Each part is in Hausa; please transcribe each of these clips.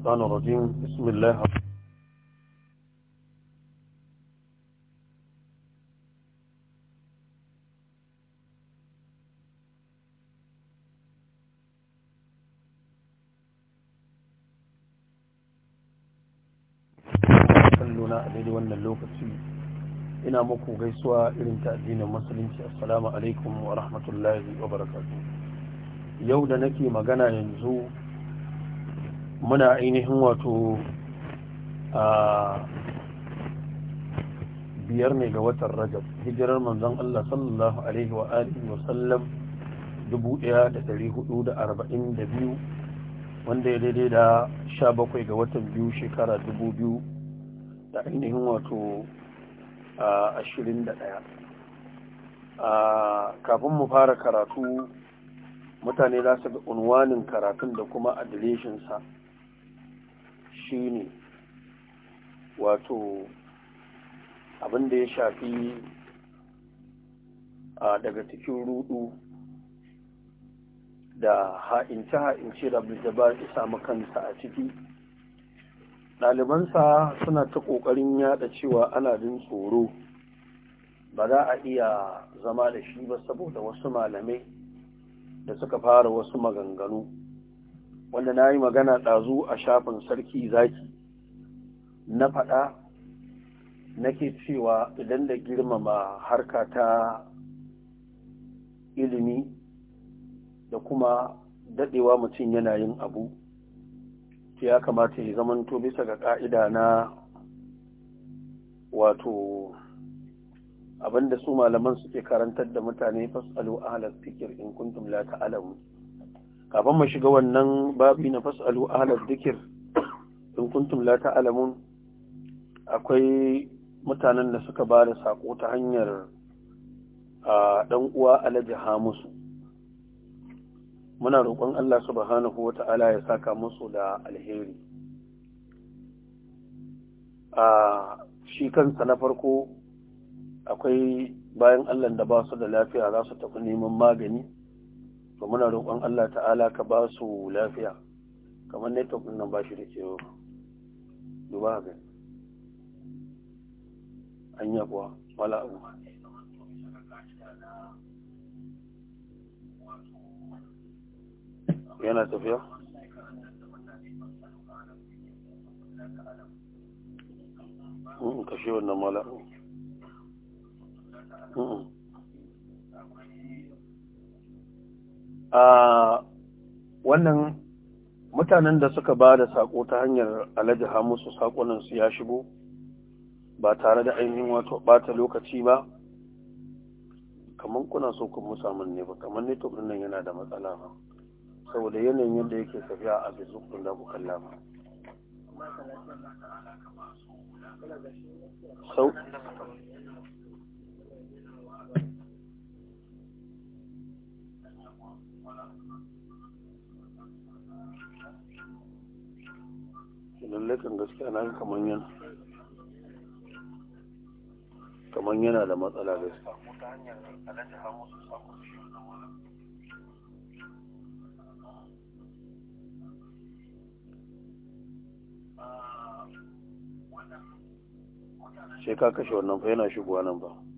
الشيطان الرجيم بسم الله kallona a daidai wannan lokaci ina muku gaisuwa irin ta addinin musulunci assalamu alaikum wa rahmatullahi wa barakatuh yau da nake magana yanzu muna ainihin wato a biyar ne ga watan rajab hijirar manzon Allah sallallahu alaihi wa alihi wa sallam 1442 wanda ya daidai da sha bakwai ga watan biyu shekara 2000 da ainihin wato a 21 a kafin mu fara karatu mutane za su ga unwanin karatun da kuma adireshinsa shi ne wato abin da ya shafi a daga cikin rudu da haince ha'inci da abdul ya samu kansa a ciki ɗalibansa suna ta ƙoƙarin yada cewa ana jin tsoro ba za a iya zama da shi ba saboda wasu malamai da suka fara wasu maganganu wanda na yi magana ɗazu a shafin sarki zaki na faɗa nake cewa idan da girmama harka ta ilimi da kuma daɗewa mutum yana yin abu ya kamata ya zamanto bisa ga ƙa'ida na wato abinda su malaman suke karantar da mutane fasalu ahalar fikir in kuntum la ta'alamu kafin mu shiga wannan babi na fasalu ahlal dhikr in kuntum la ta'lamun akwai mutanen da suka ba da sako ta hanyar a dan uwa Alhaji hamusu muna roƙon Allah subhanahu wata'ala ya saka musu da alheri a shi kansa na farko akwai bayan Allah da ba su da lafiya za su tafi neman magani to muna roƙon Allah ta'ala ka ba su lafiya kamar network nan ba shi da ke cewa duba ga anya kuwa wala abu yana tafiya mm, kashe wannan mala'u mm, mm. a wannan mutanen da suka ba da sako ta hanyar alhaji hamusu su ya shigo ba tare da ainihin wato bata lokaci ba kamar kuna so kun musa ne ba kamar ne tobin nan yana da matsala ba saboda yanayin yadda yake tafiya a bisu kun da ku kalla lalle kan gaskiya na kamar yana kaman yana da matsala gaskiya ah, sai ka kashe wannan fa yana shigowa nan ba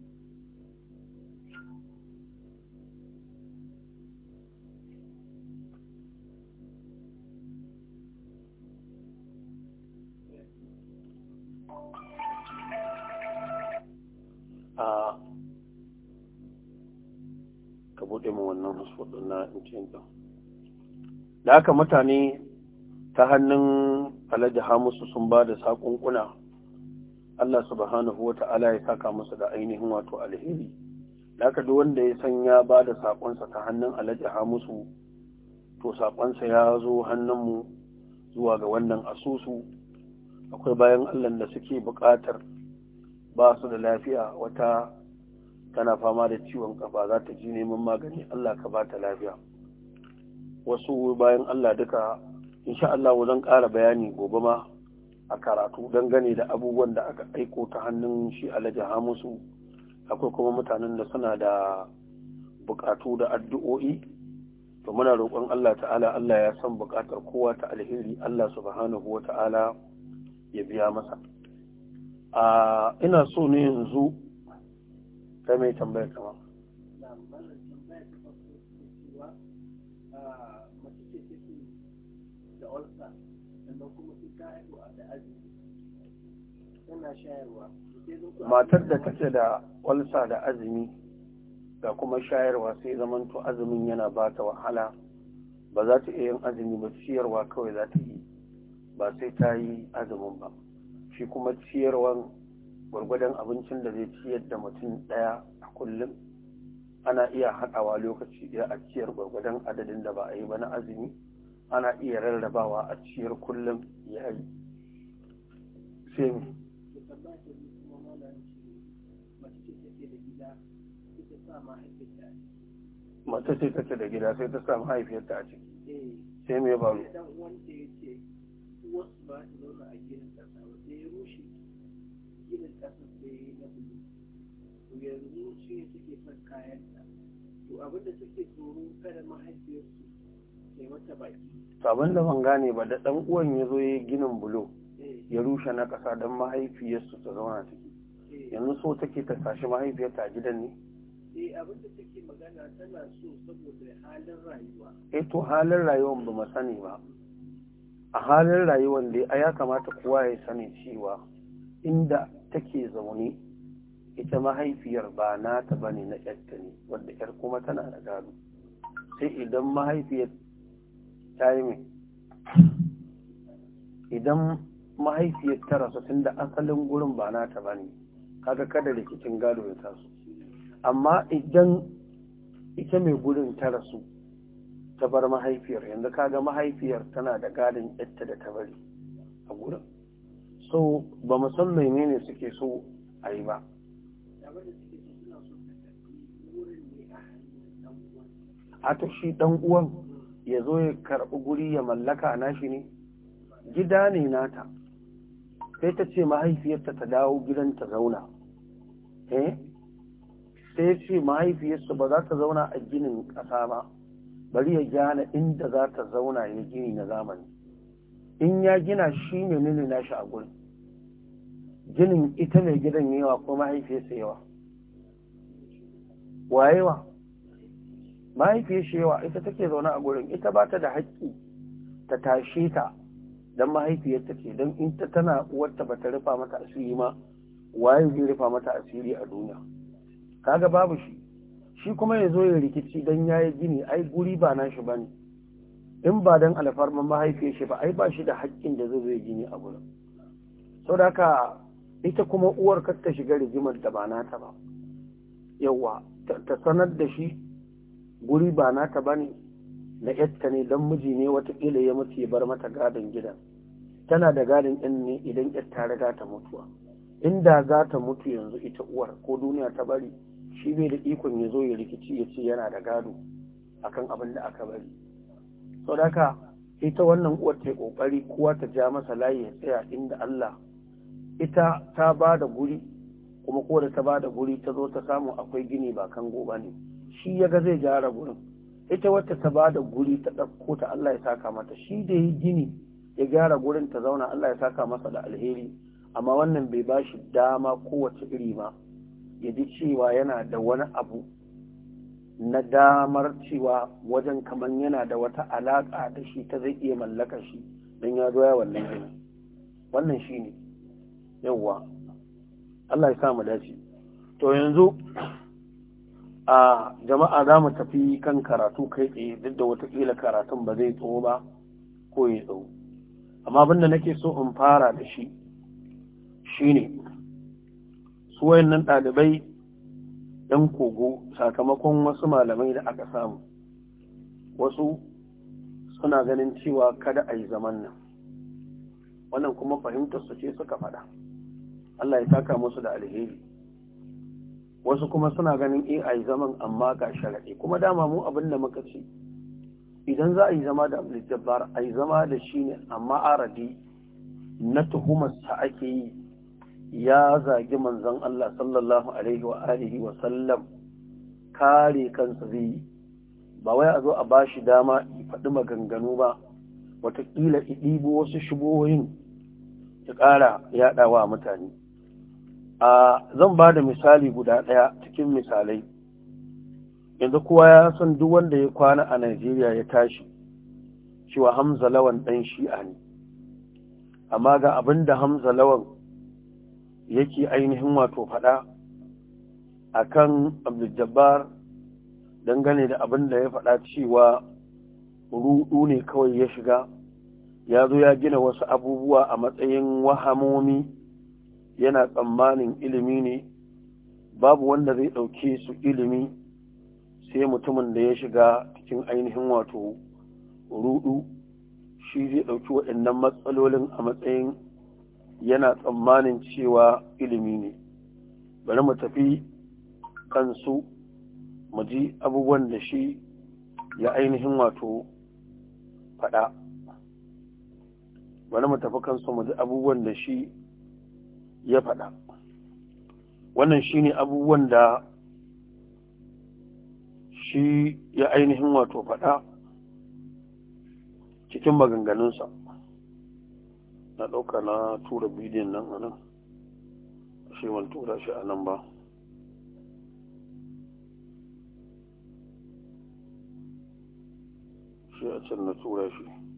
a ka buɗe mu wannan hasfodin na intin da haka mutane ta hannun alhaji hamusu sun ba da saƙunƙuna Allah subhanahu wa ta'ala ya saka masa da ainihin wato alheri da haka duk wanda ya san ya ba da saƙonsa ta hannun alhaji hamusu to saƙonsa ya zo hannunmu zuwa ga wannan asusu akwai bayan Allah da suke buƙatar ba su da lafiya wata tana fama da ciwon kafa za ta ji neman magani Allah ka ba ta lafiya wasu bayan Allah duka insha Allah zan ƙara bayani gobe ma a karatu dangane da abubuwan da aka aiko ta hannun shi alhaji hamusu akwai kuma mutanen da suna da bukatu da addu'o'i to muna roƙon Allah ta'ala Allah ya san bukatar kowa ta alheri Allah subhanahu wa ta'ala ya biya masa ina so ne yanzu kai mai tambayar kama matar da kace da walsa da azumi da kuma shayarwa sai zamanto azumin yana bata wahala ba za ta iya yin azumi ba shayarwa kawai za ta yi ba sai ta yi azumin ba shi kuma ciyarwan gwargwadon abincin da zai ciyar da mutum ɗaya a kullum ana iya haɗawa lokaci ɗaya a ciyar gwargwadon adadin da ba a yi ba na azumi ana iya rarrabawa a ciyar kullum ya yi sai mace ce take da gida sai ta sa mahaifiyarta a ciki eh. sai mai ba mu wasu ba su zauna a gidan ginin ƙasar da ya yi na bulu to yanzu shi ne suke son kayanta to abin da suke tsoro kada mahaifiyarsu ke mata baki to abin da ban gane ba da ɗan uwan ya zo ya yi ginin bulo eh. ya rushe na ƙasa don mahaifiyarsu ta zauna ciki eh. yanzu so take ta tashi mahaifiyarta a gidan ne eh abin da take magana tana so saboda halin rayuwa eh to halin rayuwan ba mu sani ba a halin rayuwan dai a ya kamata kowa ya sani cewa inda take zaune ita mahaifiyar ba nata ba ne na ƴarta ne wadda ƴar kuma tana da gado sai idan mahaifiyar ta yi mai idan mahaifiyar ta rasu tun da asalin gurin ba nata ba ne kaga kada rikicin gado ya taso amma idan ita mai gurin ta rasu ta bar mahaifiyar yanzu kaga mahaifiyar tana da gadon ƴarta da ta bari a gurin so ba mu san menene suke so a yi ba a ta shi dan uwan ya zo ya karɓi guri ya mallaka na shi ne gida ne nata sai ta ce mahaifiyarta ta dawo gidan ta zauna eh sai ce mahaifiyarsa ba za ta zauna a ginin ƙasa ba bari ya gane inda za ta zauna ya gini na zamani in ya gina shi ne nuna nashi a gurin jinin ita mai gidan yawa ko mahaifiyarsa yawa wayewa mahaifiyarsa yawa ita take zaune a gurin ita ba ta da haƙƙi ta tashe ta don mahaifiyarta ce don in tana uwarta ba ta rufa mata asiri ma waye zai rufa mata asiri a duniya kaga babu shi shi kuma ya zo ya rikici don ya yi gini ai guri ba na shi ba ne in ba don alfarman mahaifiyar shi ba ai ba shi da haƙƙin da zai zo ya gini a gurin sau da haka ita kuma uwar kar ta shiga rigimar da ba nata ba yawa ta sanar da shi guri ba nata ba ne na yatta ne don miji ne watakila ya mutu ya bar mata gadon gidan tana da gadon ɗin ne idan yar ta riga ta mutuwa inda za ta mutu yanzu ita uwar ko duniya ta bari shi bai da ikon ya zo ya rikici ya ce yana da gado akan abin da aka bari sau da ita wannan uwar ta yi kokari kowa ta ja masa layi ya tsaya inda Allah ita ta ba da guri kuma ko da ta ba da guri ta zo ta samu akwai gini ba kan goba ne shi ya ga zai gyara gurin ita wata ta ba da guri ta ɗauko ta Allah ya saka mata shi da yi gini ya gyara gurin ta zauna Allah ya saka masa da alheri amma wannan bai ba shi dama kowace iri ba ya ji cewa yana da wani abu na damar cewa wajen kamar yana da wata alaƙa da shi ta zai iya mallaka shi don ya zo ya wannan gini wannan shi ne yawwa Allah ya sa dace to yanzu a jama'a za mu tafi kan karatu kai tsaye duk da watakila karatun ba zai tso ba ko ya tsawo amma abinda nake so in fara da shi shine su wayannan ɗalibai ɗan kogo sakamakon wasu malamai da aka samu wasu suna ganin cewa kada a yi zaman nan wannan kuma fahimtar su ce suka faɗa. Allah ya saka musu da alheri wasu kuma suna ganin eh ai zaman amma ga sharadi kuma dama mu abin da muka ce idan za a yi zama da Abdul Jabbar ai zama da shi ne amma aradi na tuhumar sa ake yi ya zagi manzon Allah sallallahu alaihi wa alihi wa sallam kare kansa zai yi ba wai a zo a bashi dama ya faɗi maganganu ba Wataƙila i ɗibo wasu shubohin ya ƙara yaɗawa mutane a zan ba da misali guda ɗaya cikin misalai yanzu kowa ya san duk wanda ya kwana a najeriya ya tashi cewa hamza lawan ɗan shi'a ne amma ga abin da hamza lawan yake ainihin wato faɗa a kan abdul dangane da abin da ya faɗa cewa ruɗu ne kawai ya shiga ya zo ya gina wasu abubuwa a matsayin wahamomi yana tsammanin ilimi ne babu wanda zai ɗauke su ilimi sai mutumin da ya shiga cikin ainihin wato rudu shi zai ɗauki waɗannan matsalolin a matsayin yana tsammanin cewa ilimi ne bari mu tafi kansu mu ji abubuwan da shi ya ainihin wato faɗa bari mu tafi kansu mu ji abubuwan da shi ya faɗa wannan shi ne abubuwan da shi ya ainihin wato faɗa cikin maganganunsa na ɗauka na tura bidiyon nan a nan shi wani tura shi a nan ba shi a can na tura shi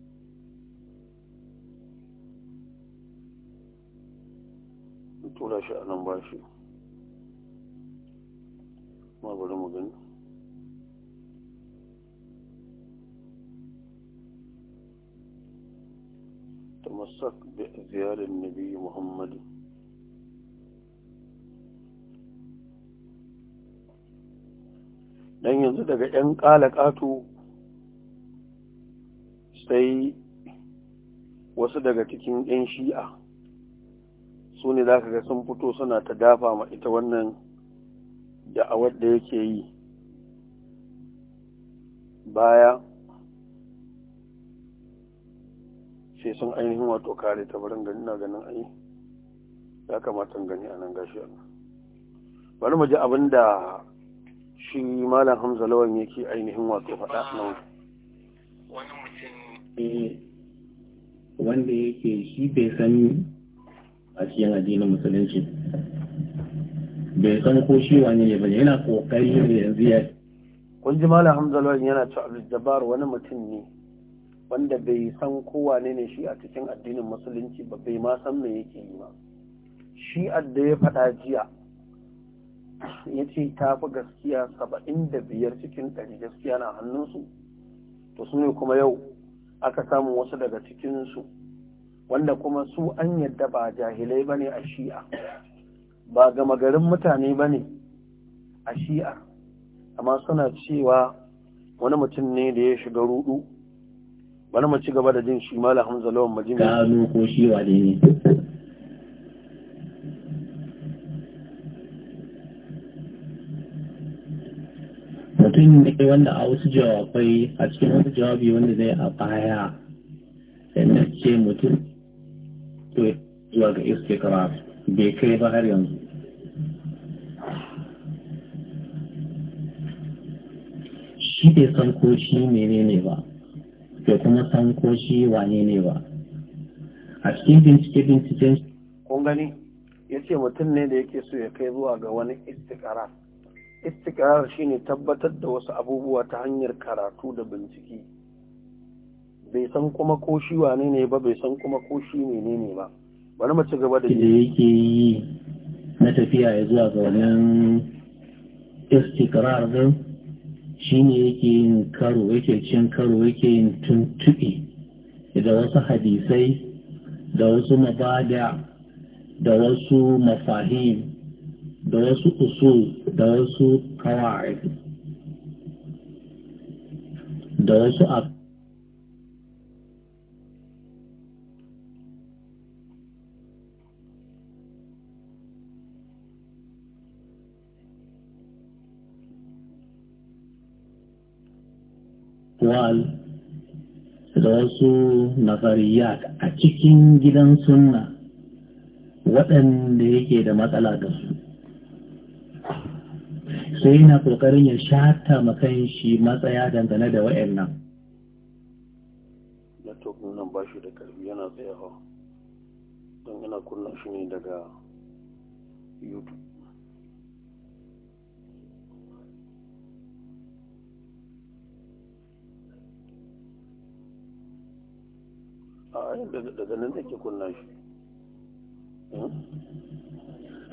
tura shi a nan ba shi ma bari mu gani تمسك بأذيال النبي محمد dan yanzu daga ‘yan kala kato sai wasu daga cikin ‘yan shi'a’ su ne za ka ga sun fito suna ta dafa ma ita wannan da'awar da yake yi baya sai sun ainihin wato kare ta barin gani na ganin ai ya kamata gani a nan gashi a bari mu ji abin da shi malam hamza lawan yake ainihin wato faɗa nan wani mutum eh, wanda yake shi bai san a cikin addinin musulunci bai san ko shi wani ne bane yana kokari ne yanzu ya kun ji malam hamdalwan yana ci abdul wani mutum ne wanda bai san ko wane ne shi a cikin addinin musulunci ba bai ma san me yake yi ba shi adda ya faɗa jiya ya ce ta fi gaskiya saba'in da biyar cikin ɗari gaskiya na hannunsu to su ne kuma yau aka samu wasu daga cikinsu wanda kuma su an yadda ba jahilai ba ne a shi'a ba gama garin mutane ba ne a shi'a amma suna cewa wani mutum ne da ya shiga rudu wani mu ci gaba da jin shi mala hamza lawan majini ka ko shi wane ne mutum ne wanda a wasu jawabai a cikin wasu jawabi wanda zai a baya sai na ce mutum zuwa ga istikrar bai kai ba har yanzu shi bai ba kuma shi ya mutum ne da yake so ya kai zuwa ga wani istikarar istikarar shine tabbatar da wasu abubuwa ta hanyar karatu da bincike bai san kuma ko shi wane ne ba bai san kuma ko shi ne ne ba bari mu ci gaba da da yake yi na tafiya ya zuwa ga wannan istikrar din shi ne yake yin karo yake cin karo yake yin tuntuɓe da wasu hadisai da wasu mabada da wasu mafahim da wasu usul da wasu kawai da wasu al da wasu nazariyat a cikin gidan sunna waɗanda yake da matsala da su sai yana ƙoƙarin ya shata makan shi matsaya dangane da nan network nan ba shi da karfi yana tsayawa don yana kunna shi ne daga youtube daga nan kunna shi hmm?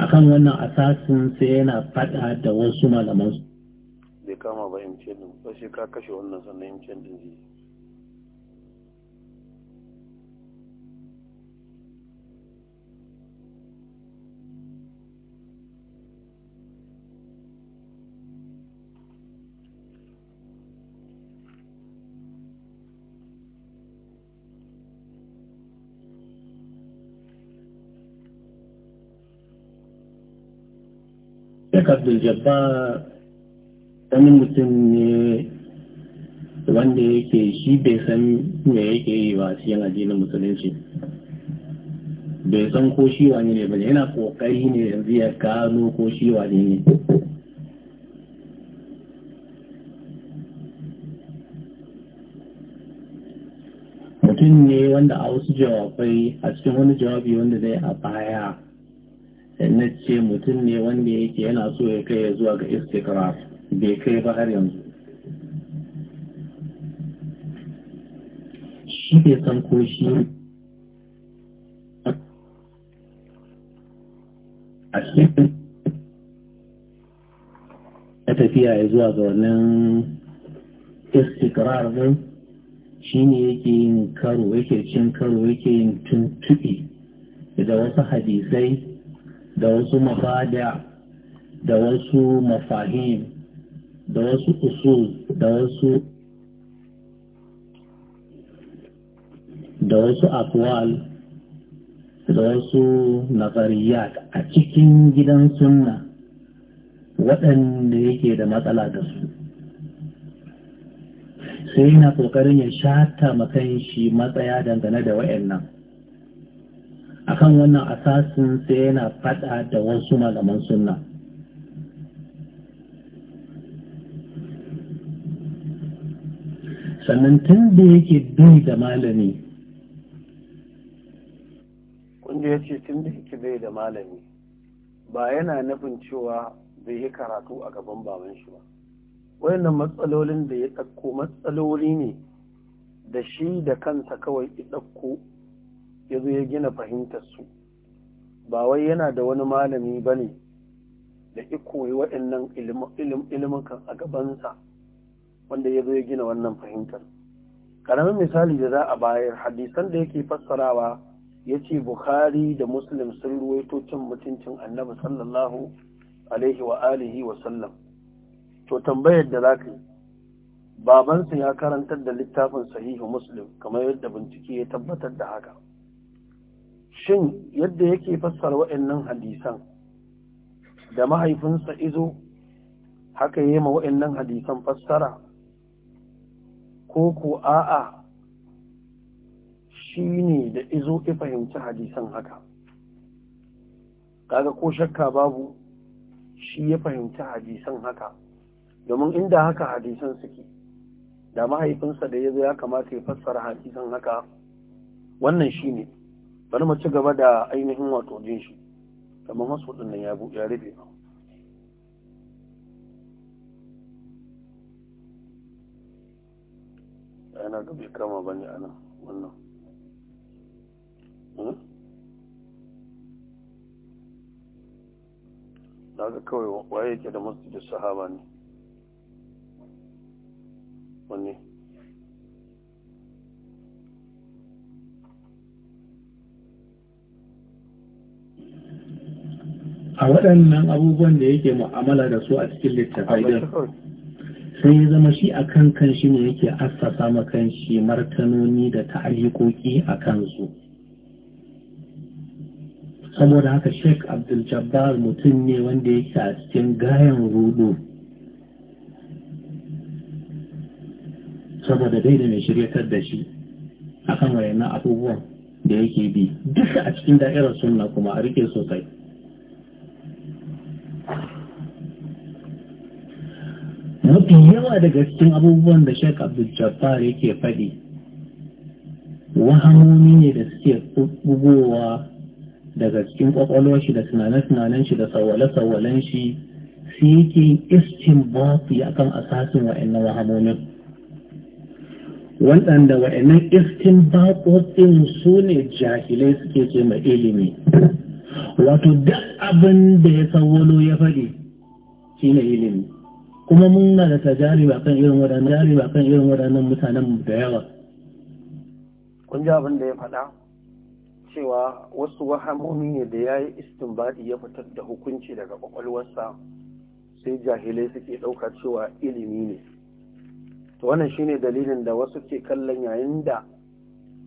akan wannan asasin sai yana fada da wasu malaman bai kama ba imcin ba shi ka kashe wannan sannan imcin zai Abdul Jabbar wani mutum ne wanda yake shi bai san me yake yi ba cikin addinin musulunci bai san ko shi wani ne ba yana kokari ne yanzu ya gano ko shi wani ne mutum ne wanda a wasu jawabai a cikin wani jawabi wanda zai a baya na ce mutum ne wanda yake yana so ya kai zuwa ga istikrar bai kai ba har yanzu shi bai san ko shi a cikin na tafiya ya zuwa ga wannan istikrar din shi ne yake yin karo yake cin karo yake yin tuntuɓi da wasu hadisai da wasu mafada da wasu mafahim da wasu usul da wasu da wasu akwal da wasu nazariyat a cikin gidan sunna waɗanda yake da matsala da su sai yana ƙoƙarin ya shata makan shi matsaya dangane da waɗannan. akan wannan asasin sai yana fada da wasu malaman sunna sannan tun da yake bi da malami kunje ya ce tun da yake bai da malami ba yana nufin cewa bai yi karatu a gaban baban shi ba wayannan matsalolin da ya ɗauko matsaloli ne da shi da kansa kawai ya ɗauko ya zo ya gina fahimtar su ba wai yana da wani malami ba ne da ya koyi waɗannan ilimukan a gabansa wanda ya zo ya gina wannan fahimtar ƙaramin misali da za a bayar hadisan da yake fassarawa ya ce bukhari da muslim sun ruwaito cin mutuncin annabi sallallahu alaihi wa alihi wa sallam to tambayar da za ka yi babansa ya karantar da littafin sahihu muslim kamar yadda bincike ya tabbatar da haka shin yadda yake fassara waɗannan hadisan da mahaifinsa izo haka yi ma hadisan fassara ko ko a'a shi ne da izo ya fahimci hadisan haka kaga ko shakka babu shi ya fahimci hadisan haka domin inda haka hadisan suke da mahaifinsa da ya zo ya kamata ya fassara hadisan haka wannan shi ne bari mu ci gaba da ainihin wato jin shi kamar masu nan ya ya rufe yana da bai kama ba ne a nan wannan hmm? na ga kawai waye yake da da sahaba ne wanne a waɗannan abubuwan da yake mu'amala da su a cikin littafai din sai ya zama shi a kan kan shi ne yake assasa makan shi martanoni da ta'alikoki a kansu saboda haka sheik abdul jabbar mutum ne wanda yake a cikin gayan rudu saboda dai da mai shiryatar da shi akan wayannan abubuwan da yake bi duka a cikin da'irar sunna kuma a rike sosai mafi yawa daga cikin abubuwan da Sheikh Abdul Jabbar yake faɗi wahamomi ne da suke bugowa daga cikin kwakwalwar shi da tunane-tunanen shi da sawale-sawalen shi su yake iskin yi akan asasin wa'annan wahamomin waɗanda wa'annan iskin baƙoƙin su ne jahilai suke ce mai ilimi wato duk abin da ya sawalo ya faɗi shi ne ilimi kuma mun na da tajariba kan irin waɗannan tajariba kan irin waɗannan mutanen da yawa kun ji abin da ya faɗa cewa wasu wahamomi ne da ya yi istinbadi ya fitar da hukunci daga kwakwalwarsa sai jahilai suke ɗauka cewa ilimi ne to wannan shine dalilin da wasu ke kallon yayin da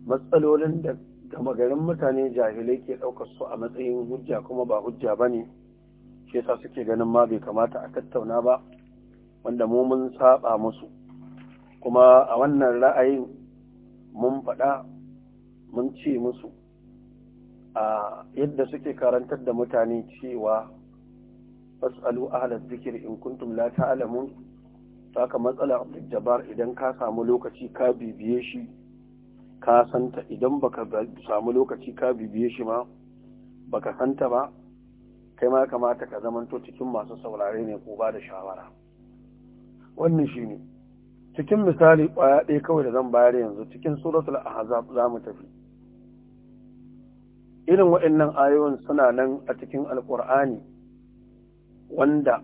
matsalolin da gama garin mutane jahilai ke ɗaukar su a matsayin hujja kuma ba hujja ba ne shi yasa suke ganin ma bai kamata a tattauna ba wanda mu mun saba musu kuma a wannan ra'ayin mun faɗa mun ce musu a yadda suke karantar da mutane cewa fasalu ahla zikir in kuntum la ta'lamun saka matsala jabar idan ka samu lokaci ka bibiye shi ka santa idan baka samu lokaci ka bibiye shi ma baka santa ba kai ma kamata ka zamanto cikin masu saurare ne ko ba da shawara wannan shi ne cikin misali ƙwaya ɗaya kawai da zan bayar yanzu cikin suratul ahzab za mu tafi irin waɗannan ayoyin suna nan a cikin alƙur'ani wanda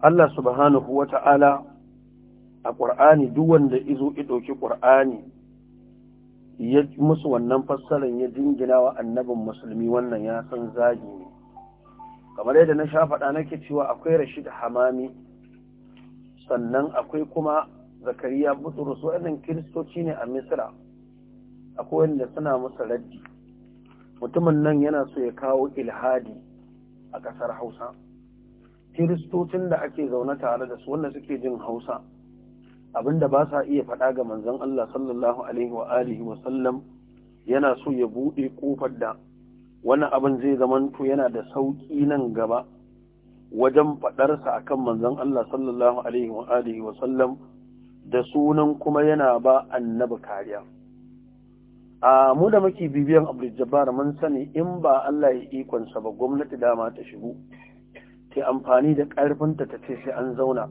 Allah subhanahu wa ta'ala a ƙur'ani duk wanda izo ɗauki ƙur'ani ya musu wannan fassarar ya dingina wa annabin musulmi wannan ya san zagi ne kamar yadda na sha faɗa nake cewa akwai rashid hamami sannan akwai kuma zakariya buturus waɗannan kiristoci ne a misira akwai wanda suna masa raddi mutumin nan yana so ya kawo ilhadi a ƙasar hausa kiristocin da ake zaune tare da su wanda suke jin hausa abinda ba sa iya faɗa ga manzon Allah sallallahu alaihi wa wa sallam yana so ya buɗe ƙofar da wani abin zai zamanto yana da sauƙi nan gaba wajen faɗarsa a kan manzon Allah sallallahu alaihi wa da sunan kuma yana ba annabi kariya a mu da maki bibiyan Abdul Jabbar mun sani in ba Allah ya ikonsa ba gwamnati dama ta shigo ta amfani da ƙarfinta ta ce sai an zauna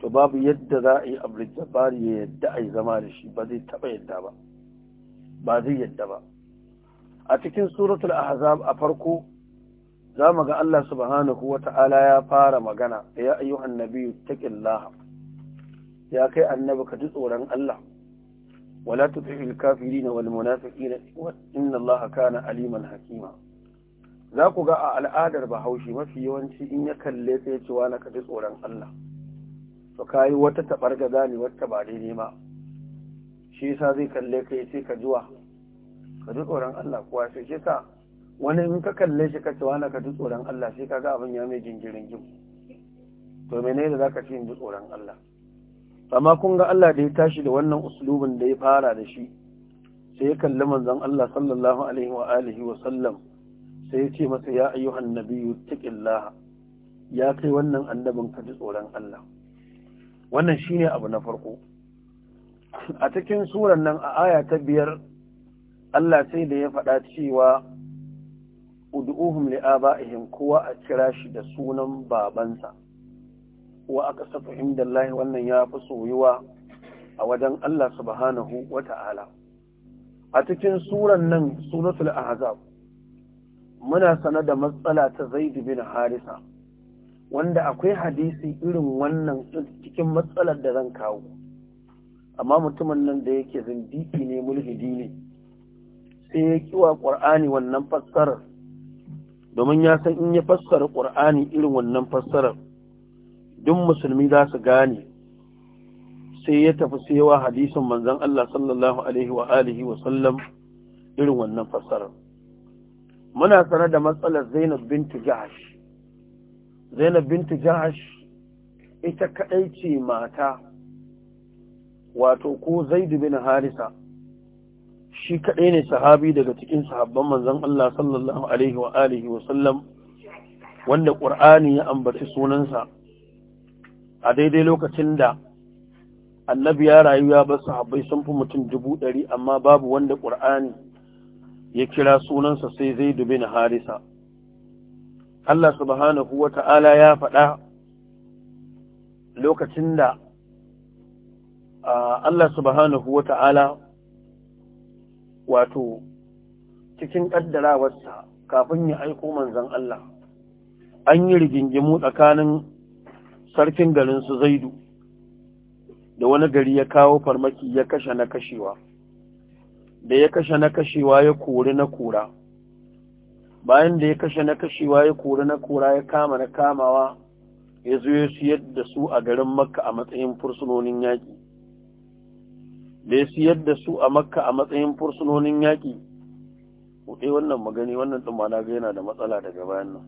to babu yadda za a yi abdul ya yadda a yi zama da shi ba zai taɓa yadda ba ba zai yadda ba a cikin suratul ahzab a farko za mu ga Allah subhanahu wa ta'ala ya fara magana ya ayyuhan nabiyyu taqillaha ya kai annabi ka ji tsoron Allah wala na kafirin wal munafiqin inna Allah kana aliman hakima za ku ga a al'adar bahaushe mafi yawanci in ya kalle sai ya ce ka ji tsoron Allah to yi wata tabargaza ne wata ba daidai ba shi yasa zai kalle ka ya ce ka jiwa ka ji tsoron Allah kuwa sai shi sa. wani in ka kalle shi ka ce wani ka ji tsoron Allah sai ka ga abin ya mai jinjirin jin to ne da ka ce in ji tsoron Allah amma kun ga Allah da ya tashi da wannan uslubin da ya fara da shi sai ya kalli manzon Allah sallallahu alaihi wa alihi wa sallam sai ya ce masa ya ayyuhan nabiyyu taqillaha ya kai wannan annabin ka ji tsoron Allah wannan shine abu na farko a cikin suran nan a aya ta biyar Allah sai da ya faɗa cewa ud'uhum li aba'ihim kowa a kira shi da sunan babansa wa aka safa indallahi wannan ya fi soyuwa a wajen Allah subhanahu wa ta'ala a cikin suran nan suratul ahzab muna sanar da matsala ta zaid na harisa wanda akwai hadisi irin wannan cikin matsalar da zan kawo amma mutumin nan da yake zindiki ne mulhidi ne sai ya kiwa ƙur'ani wannan fassarar domin ya san in ya fassara ƙur'ani irin wannan fassarar duk musulmi za su gane sai ya tafi sewa hadisin manzon Allah sallallahu alaihi wa alihi irin wannan fassarar muna sanar da matsalar Zainab bintu Jahash Zainab Jahash ita kaɗai ce mata wato ko dubi bin Harisa shi kaɗai ne sahabi daga cikin sahabban manzon Allah sallallahu alaihi wa alihi wa sallam wanda Qur'ani ya ambaci sunansa a daidai lokacin da annabi ya rayu ya bar sahabbai sun fi mutum dubu ɗari amma babu wanda Qur'ani ya kira sunansa sai zai dube na harisa Allah subhanahu wa ta'ala ya faɗa lokacin da Allah subhanahu wa ta'ala wato cikin ƙaddarawarsa kafin ya aiko manzan Allah an yi rigingimu tsakanin sarkin garin su zaidu da wani gari ya kawo farmaki ya kashe na kashewa da ya kashe na kashewa ya kori na kura bayan da ya kashe na kashewa ya kori na kura ya kama na kamawa ya zo ya siyar da su a garin makka a matsayin fursunonin yaƙi da ya siyar da su a makka a matsayin fursunonin yaƙi kuɗe wannan magani wannan ɗumana ga yana da matsala daga bayan nan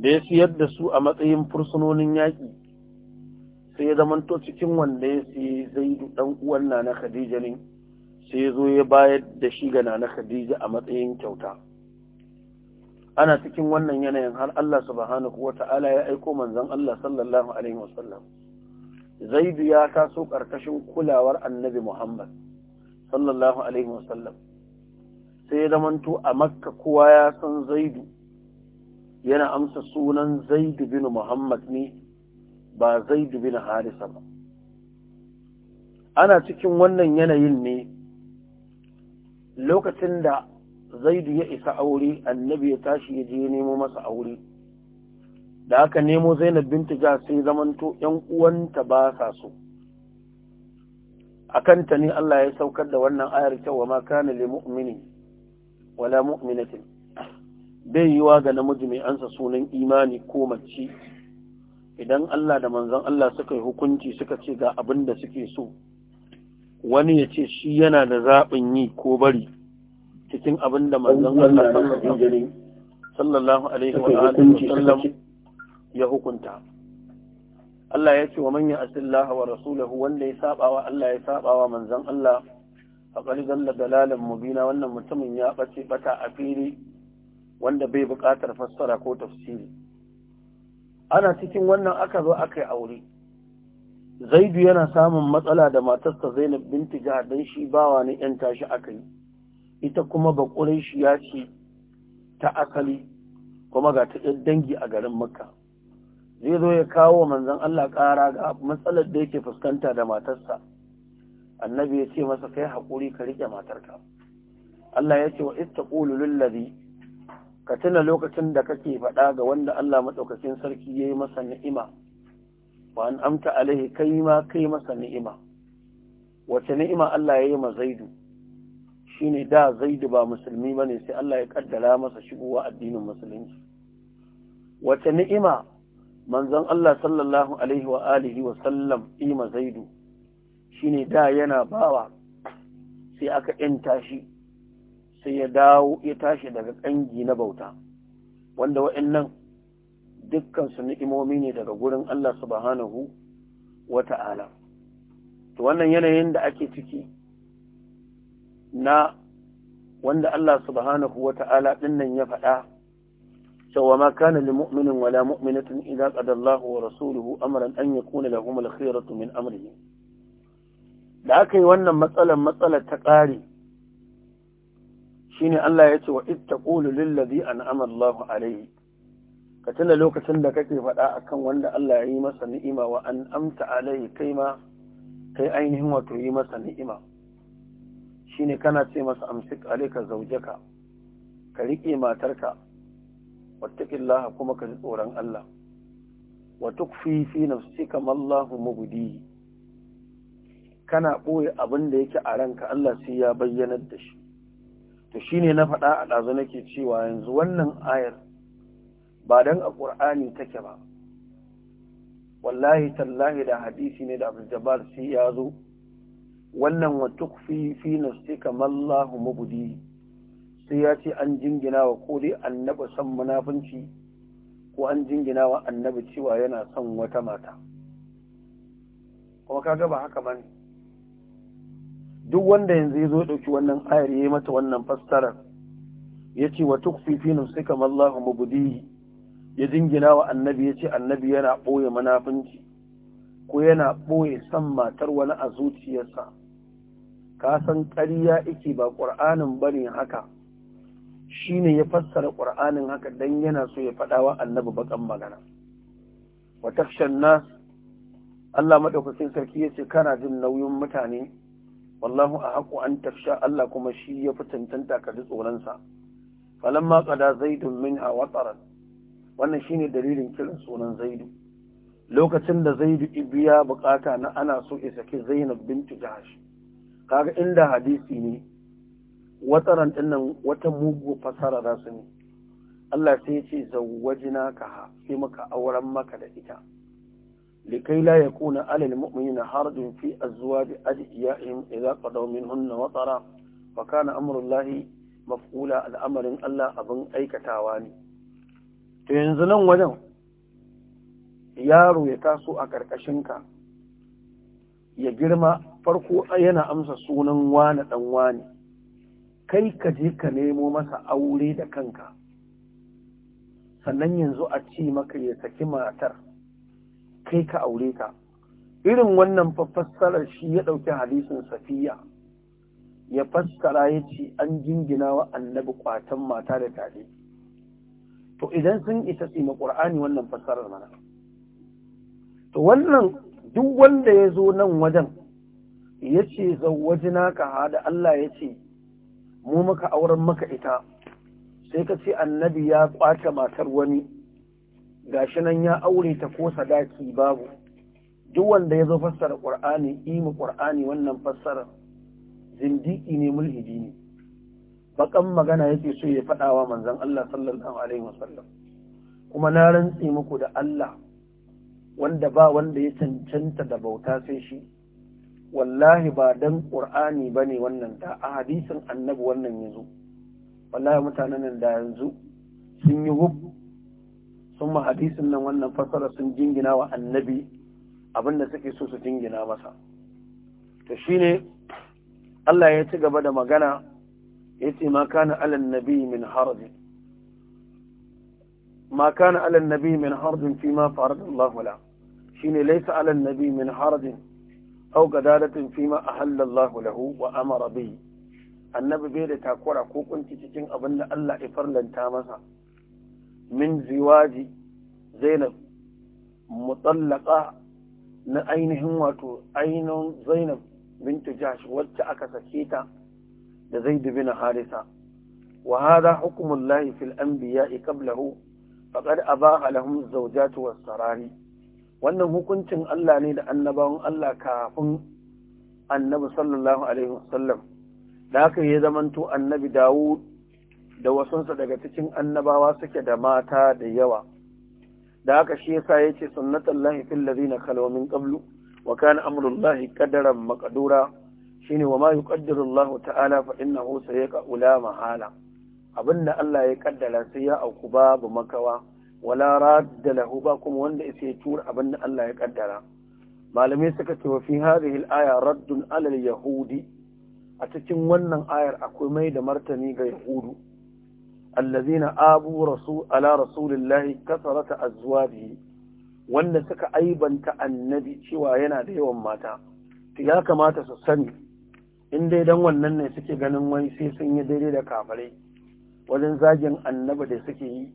da ya siyar da su a matsayin fursunonin yaƙi sai ya zamanto cikin wanda ya siye zai ɗan uwan na na khadija ne sai ya zo ya bayar da shi ga na na khadija a matsayin kyauta ana cikin wannan yanayin har Allah subhanahu wa ta'ala ya aiko manzon Allah sallallahu alaihi wasallam zaidu ya taso ƙarƙashin kulawar annabi muhammad sallallahu alaihi wasallam sai ya zamanto a makka kowa ya san zaidu yana amsa sunan zaidu bin muhammad ne ba zaidu bin harisa ba ana cikin wannan yanayin ne lokacin da zaidu ya isa aure annabi ya tashi ya je nemo masa aure da aka nemo zainab binta ja sai zamanto ‘yan uwanta ba sa so a kanta ne Allah ya saukar da wannan ayar cewa ma kana li mu'mini wala mu'minatin bai yiwa ga namiji mai ansa sunan imani ko mace idan Allah da manzon Allah suka yi hukunci suka ce ga abin da suke so wani ya ce shi yana da zaɓin yi ko bari cikin abin da manzon Allah sallallahu alaihi wa sallam ya hukunta Allah ya ce wa man ya'sillaha wa rasulahu wanda ya sabawa Allah ya sabawa manzon Allah faqad dalla dalalan mubina wannan mutumin ya bace bata a fili wanda bai buƙatar fassara ko tafsiri ana cikin wannan aka zo aka yi aure zaidu yana samun matsala da matarsa zainab binti jihar don shi bawa ne yan tashi aka yi ita kuma ba shi ya ce ta Akali, kuma ga ta dangi a garin makka zai zo ya kawo manzon Allah ƙara ga matsalar da yake fuskanta da matarsa annabi ya ce masa kai haƙuri ka riƙe matarka Allah ya ce wa istaqulu lillazi ka tuna lokacin da kake faɗa ga wanda Allah maɗaukakin sarki ya yi masa ni'ima, wa an amta alaihi kai ma kai masa ni'ima, wace ni'ima Allah ya yi ma zaidu, shi ne da zaidu ba musulmi ba ne sai Allah ya ƙaddara masa shigowa addinin musulunci. Wace ni'ima manzon Allah sallallahu alaihi wa alihi wa sallam ima zaidu shine da yana bawa sai aka yanta tashi sai ya dawo ya tashi daga ƙangi na bauta wanda wa'annan dukkan su ni'imomi ne daga gurin Allah subhanahu wa ta'ala to wannan yanayin da ake ciki na wanda Allah subhanahu wa ta'ala ɗinnan ya faɗa cewa ma kana lil mu'minin wala mu'minatin idza qada Allahu wa rasuluhu amran an yakuna lahum al khiyaratu min amrihim da aka yi wannan matsalar matsalar ta ƙare shine Allah ya ce wa ittaqulu lil ladhi an'ama Allahu alayhi ka tuna lokacin da kake faɗa akan wanda Allah ya yi masa ni'ima wa amta alayhi kai ma kai ainihin wato yi masa ni'ima shine kana ce masa amsik alayka zawjaka ka rike matarka wattaqillaha kuma ka ji tsoron Allah wa tukfi fi nafsika ma Allahu kana ɓoye abin da yake a ranka Allah sai ya bayyana da shi to shine na faɗa a ɗazu nake cewa yanzu wannan ayar ba dan a ƙur'ani take ba wallahi tallahi da hadisi ne da Abu Jabbar sai ya zo wannan wa tukfi fi nafsika ma Allahu sai ya ce an jingina wa ko dai annabi san munafunci ko an jingina wa annabi cewa yana son wata mata kuma kaga ba haka bane duk wanda yanzu ya zo ɗauki wannan ayar ya mata wannan fassarar ya ce wa tukfi fi nufsika mallahu mubdihi ya jingina wa annabi ya ce annabi yana boye munafunci ko yana ɓoye san matar wani a zuciyarsa ka san ƙarya yake ba ƙur'anin bane haka Shi ne ya fassara ƙur'anin haka don yana so ya faɗa wa annabi bakan magana wa takshan nas Allah maɗaukacin sarki ya ce kana jin nauyin mutane wallahu a haƙo an tafsha Allah kuma shi ya fi tantanta ka ji tsoronsa. sa ma ƙada zaidun a wataran wannan shi ne dalilin kiran sunan zaidu lokacin da zaidu ibiya bukata na ana so isa saki zainab bintu jahash kaga inda hadisi ne wataran nan wata mugu fasara za su ne Allah sai ya ce zawwajina ka sai maka auren maka da ita likai la yakuna alal mu'minina harajun fi azwaji ajiyahim idza qadaw minhunna watara fa kana llahi maf'ula al'amarin Allah abin aikatawa ne to yanzu nan wajen yaro ya taso a ka ya girma farko yana amsa sunan wane dan wane kai ka je ka nemo masa aure da kanka sannan yanzu a ce maka ya saki matar kai ka aure ta irin wannan fassarar shi ya ɗauki hadisin safiya ya fassara ya ce an jingina wa annabi kwatan mata da tare to idan sun isa tsima ƙur'ani wannan fassarar mana to wannan duk wanda ya zo nan wajen ya ce zauwaji ka da Allah ya ce mu muka auren maka ita sai ka ce annabi ya kwace matar wani gashi nan ya aure ta ko sadaki babu duk wanda ya zo fassara ƙur'ani imu ƙur'ani wannan fassara zindiki ne mulhidi ne bakan magana yake so ya faɗa wa manzon Allah sallallahu alaihi wasallam kuma na rantse muku da Allah wanda ba wanda ya cancanta da bauta sai shi wallahi ba dan qur'ani bane wannan da a hadisin annabi wannan yazo wallahi mutanen da yanzu sun yi hub sun ma hadisin nan wannan fasara sun jingina wa annabi abinda suke so su jingina masa to shi ne Allah ya ci gaba da magana yace ma kana alan nabi min harajin ما كان على النبي من حرج فيما فرض الله له شين ليس على النبي من حرج aw gadaratin fi ma ahallallahu lahu wa amara bihi annabi bai da takura ko kunci cikin abin da Allah ya farlanta masa min ziwaji zainab mutallaka na ainihin wato ainihin zainab binta jahsh wacce aka sake ta da zaid bin harisa wa hada hukmullahi fil anbiya'i qablahu faqad abaha lahum az zaujatuwar sarari wannan hukuncin Allah ne da annabawan Allah kafin annabi sallallahu alaihi wasallam da haka ya zamanto annabi dawo da wasunsa daga cikin annabawa suke da mata da yawa da haka shi yasa ce, sunnatullahi fil ladina khalaw min qablu wa kana amrullahi qadaran maqdura shine wa ma yuqaddiru Allahu ta'ala fa innahu sayqa ula mahala abinda Allah ya kaddara sai ya auku babu makawa wala radda lahu ba kuma wanda isa ya tura abin da Allah ya kaddara malamai suka ce wa fi hadhihi al-aya raddun alal yahudi a cikin wannan ayar akwai mai da martani ga yahudu allazina abu rasul ala rasulillahi kasarata azwajihi wanda suka aibanta annabi cewa yana da yawan mata ya kamata su sani in dai dan wannan ne suke ganin wani sai sun yi daidai da kafare wajen zagin annabi da suke yi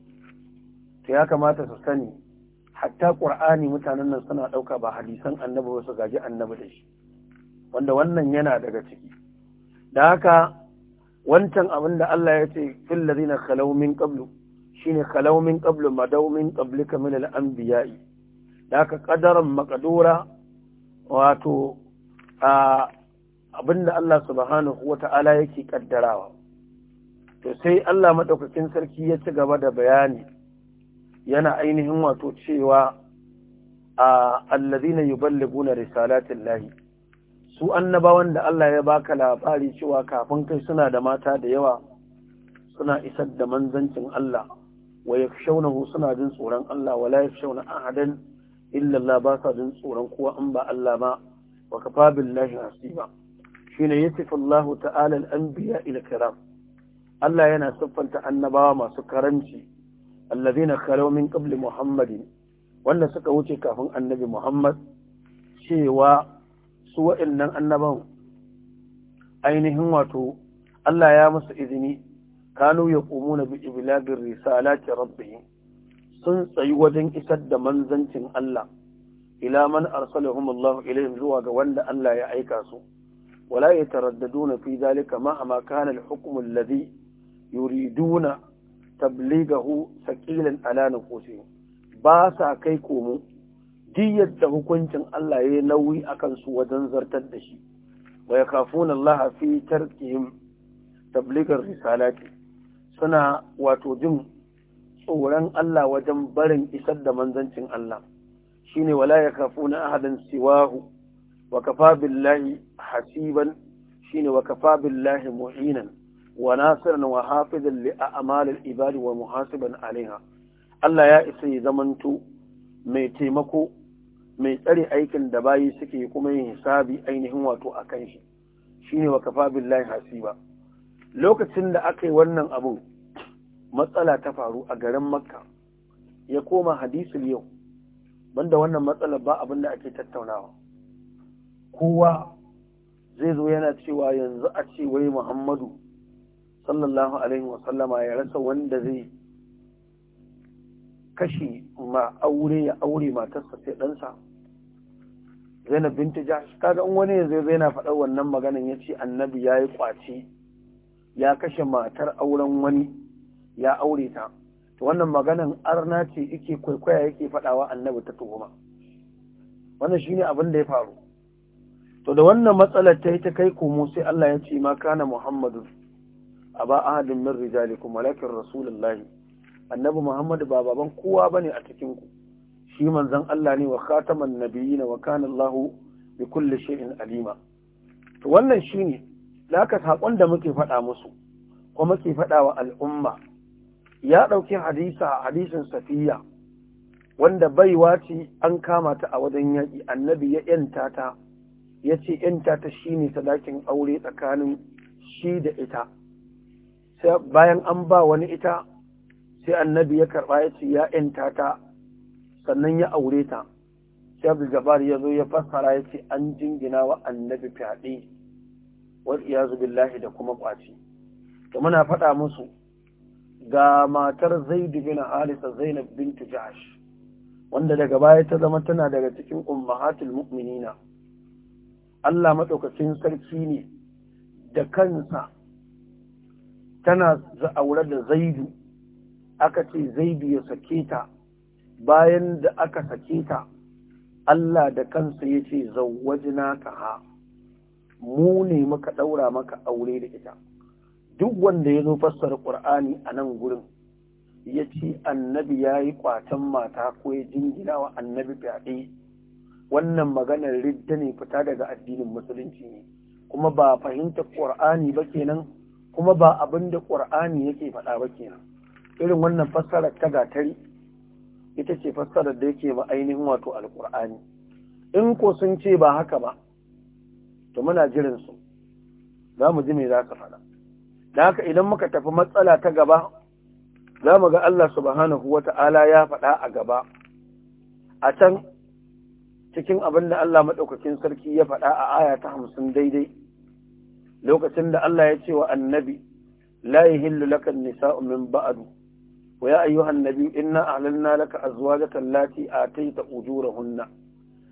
to ya kamata su sani hatta ƙur'ani mutanen nan suna ɗauka ba hadisan annabi ba su gaji annabi da shi wanda wannan yana daga ciki da haka wancan abin da Allah ya ce fil ladina khalaw min qablu shine khalaw min qablu madaw min qablika min al anbiya'i da haka qadaran maqdura wato a abin da Allah subhanahu wata'ala yake kaddarawa to sai Allah madaukakin sarki ya ci gaba da bayani yana ainihin wato cewa a allazina yuballiguna risalatillahi su annabawan da Allah ya baka labari cewa kafin kai suna da mata da yawa suna isar da manzancin Allah wa yakshawnahu suna jin tsoron Allah wala yakshawna ahadan illa Allah ba sa jin tsoron kowa in ba Allah ba wa kafa billahi hasiba shine yasifu Allah ta'ala al ila kiram Allah yana siffanta annabawa masu karanci allazina khalaw min qabli muhammadin wanda suka wuce kafin annabi muhammad cewa su waɗannan annaban ainihin wato Allah ya musu izini kanu ya ƙumu na bi ibilagin risalati rabbihim sun tsayi wajen isar da manzancin Allah ila man arsalahum Allah ilayhim zuwa ga wanda Allah ya aika su wala yataraddaduna fi zalika ma ama kana al-hukm alladhi yuriduna tabligahu saqilan ala nufusi ba sa kai komo diyar da hukuncin Allah ya nauyi akan su wajen zartar da shi wa yakafuna Allah fi tarkihim tabligar risalati suna wato jin tsoron Allah wajen barin isar da manzancin Allah shine wala yakafuna ahadan siwahu wa kafa billahi hasiban shine wa kafa billahi mu'inan وناصرا وحافظا Ibadi wa ومحاسبا عليها Allah ya isa ya zamanto mai taimako mai tsare aikin da bayi suke kuma yin hisabi ainihin wato a kan shi shine wa kafa billahi hasiba lokacin da aka yi wannan abun matsala ta faru a garin makka ya koma hadisul yau banda wannan matsala ba abin da ake tattaunawa kowa zai zo yana cewa yanzu a ce wai muhammadu sallallahu alaihi wasallama ya rasa wanda zai kashi ma aure ya aure matarsa sai ɗansa zainab binta jahsh kaga in wani yanzu zai na faɗa wannan maganan ya ce annabi ya yi ƙwaci ya kashe matar auren wani ya aure ta to wannan maganan arna ce yake kwaikwaya yake faɗawa annabi ta tuhuma wannan shine abin da ya faru to da wannan matsalar ta yi ta kai komo sai Allah ya ce ma kana muhammadu ba ahadin min rijalikum walakin rasulullahi annabi muhammad ba baban kowa bane a cikin ku shi manzon Allah ne wa khataman nabiyyin wa kana Allahu bi kulli shay'in alima to wannan shine laka sakon da muke faɗa musu ko muke faɗa wa al'umma ya ɗauki hadisa hadisin safiya wanda baiwa ce an kama ta a wajen yaƙi annabi ya ‘yanta ta ya ce ‘yanta ta shi ne sadakin aure tsakanin shi da ita bayan an ba wani ita sai annabi ya karɓa ya ce ya ‘yanta ta sannan ya aure ta sai abu gabar ya zo ya fassara ya ce an jingina wa annabi fyaɗe iya zubin billahi da kuma ƙwaci to muna faɗa musu ga matar zaidu bin alisa zainab bin tujash wanda daga baya ta zama tana daga cikin ummahatul mu'minina Allah maɗaukacin sarki ne da kansa tana aure da zaidu aka ce zaidu ya sake ta bayan da aka sake ta Allah da kansa ya ce zawajina ka ha mu ne muka ɗaura maka aure da ita duk wanda ya zo fassara ƙur'ani a nan gurin ya ce annabi ya yi ƙwatan mata ko ya jingina wa annabi fyaɗe wannan maganar ridda ne fita daga addinin musulunci ne kuma ba fahimtar ƙur'ani ba kenan kuma ba abin da ƙur'ani yake faɗa ba kenan irin wannan fassarar ta gatari ita ce fassarar da yake ba ainihin wato alƙur'ani in ko sun ce ba haka ba to muna jiran su za mu ji me za ka faɗa da haka idan muka tafi matsala ta gaba za mu ga Allah subhanahu wata'ala ya faɗa a gaba a can cikin abin da Allah maɗaukakin sarki ya faɗa a aya ta hamsin daidai lokacin da Allah ya ce wa annabi la yahillu laka nisa'u min ba'du wa ya ayyuha a inna ahlalna laka azwajaka allati ujura ujurahunna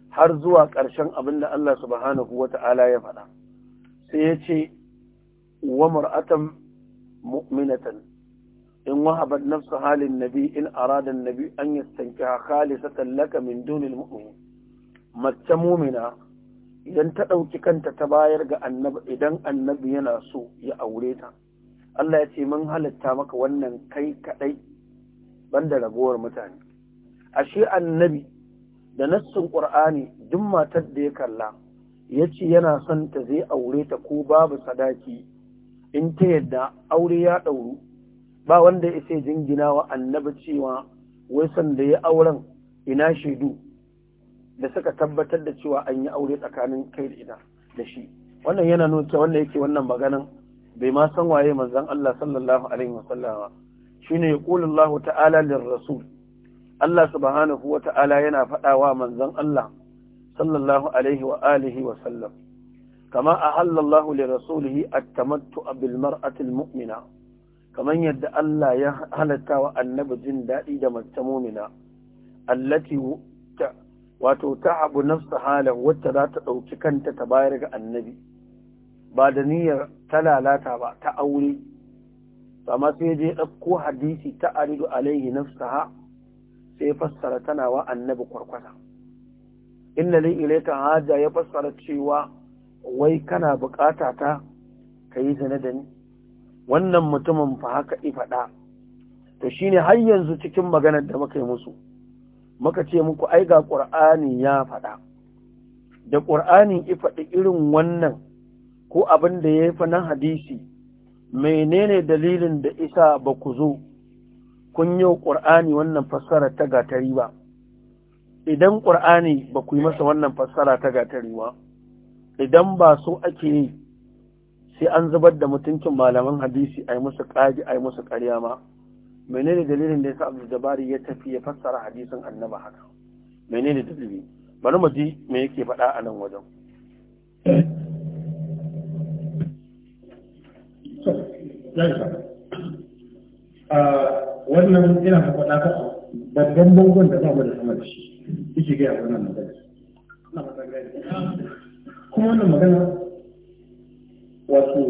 har zuwa ƙarshen abin da Allah subhanahu wata'ala ya faɗa sai ya ce wa mar'atan mu'minatan in wahabat nafsu halin nabi in arada nabi an yastankiha khalisatan laka min dunil mu'min mace mumina idan ta ɗauki kanta ta bayar ga annabi idan annabi yana so ya aure ta Allah ya ce mun halitta maka wannan kai kaɗai banda rabuwar mutane ashe annabi da nassin ƙur'ani duk matar da ya kalla ya ce yana son ta zai aure ta ko babu sadaki in ta yadda aure ya ɗauru ba wanda ya sai jingina wa annabi cewa wai sanda ya auren ina shaidu da suka tabbatar da cewa an yi aure tsakanin kai da ita da shi wannan yana nuna wanda yake wannan maganan bai ma san waye manzon Allah sallallahu alaihi wasallam shine yaqulu Allah ta'ala lir rasul Allah subhanahu wa yana yana faɗawa manzon Allah sallallahu alaihi wa alihi wa sallam kama ahalla Allah li rasulihi at-tamattu bil mar'ati al-mu'mina kaman yadda Allah ya halatta wa annabi jin daɗi da mace mu'mina allati wato ta abu nafsa halin wacce za ta ɗauki kanta ta bayar ga annabi ba da niyyar ta lalata ba ta aure amma sai je ɗauko hadisi ta aridu alaihi nafsaha sai fassara tana wa annabi kwarkwata inna li ilaika haja ya fassara cewa wai kana bukata ta yi zina da ni wannan mutumin fa haka i faɗa to shine har yanzu cikin maganar da muka yi musu muka ce muku ai ga ƙur'ani ya faɗa da ƙur'ani ya faɗi irin wannan ko abin da ya fi na hadisi menene dalilin da isa ba ku zo kun yi ƙur'ani wannan fassara ta gatari ba idan ƙur'ani ba ku yi masa wannan fassara ta gatari ba idan ba so ake yi sai an zubar da mutuncin malaman hadisi a yi musu ƙaji a yi musu ƙarya ma menene dalilin da yasa Abdul Jabari ya tafi ya fassara hadisin Annabi haka menene dalili bari mu ji me yake faɗa a nan wajen wannan ina faɗa ka babban bangon da ba mu da sama da shi yake ga wannan magana kuma wannan magana wato